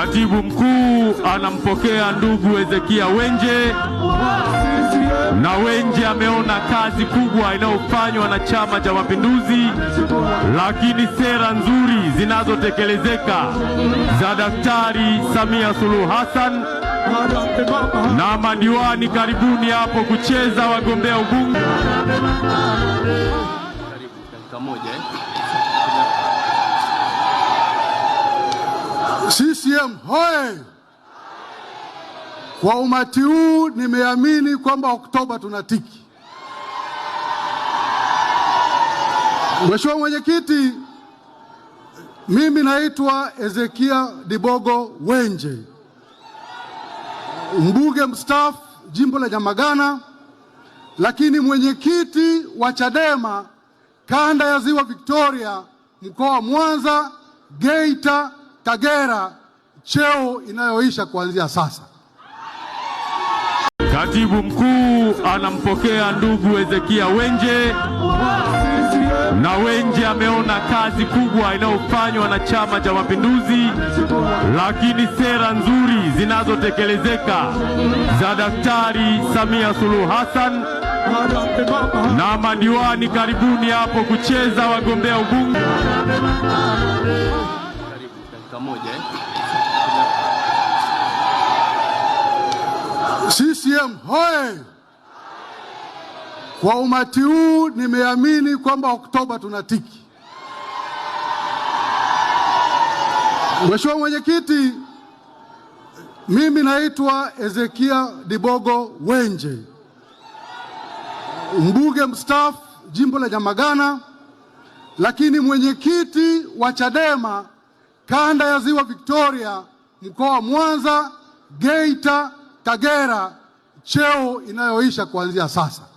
Katibu mkuu anampokea ndugu Hezekia Wenje, na Wenje ameona kazi kubwa inayofanywa na Chama cha Mapinduzi, lakini sera nzuri zinazotekelezeka za Daktari Samia Suluhu Hassan na madiwani karibuni hapo kucheza wagombea ubunge. Karibu dakika moja eh. CCM hoye! Kwa umati huu nimeamini kwamba Oktoba tunatiki. Mheshimiwa Mwenyekiti, mimi naitwa Ezekia Dibogo Wenje, mbunge mstaafu jimbo la Nyamagana, lakini mwenyekiti wa CHADEMA kanda ya Ziwa Victoria, mkoa wa Mwanza, Geita Kagera cheo inayoisha kuanzia sasa. Katibu mkuu anampokea ndugu Hezekia Wenje, na Wenje ameona kazi kubwa inayofanywa na Chama cha Mapinduzi, lakini sera nzuri zinazotekelezeka za Daktari Samia Suluhu Hassan na madiwani karibuni hapo kucheza wagombea ubunge moja eh? CCM hoye! Kwa umati huu nimeamini kwamba Oktoba tunatiki. Mheshimiwa Mwenyekiti, mimi naitwa Ezekia Dibogo Wenje, mbunge mstaafu jimbo la Nyamagana, lakini mwenyekiti wa Chadema kanda ya ziwa Victoria, mkoa wa Mwanza, Geita, Kagera, cheo inayoisha kuanzia sasa.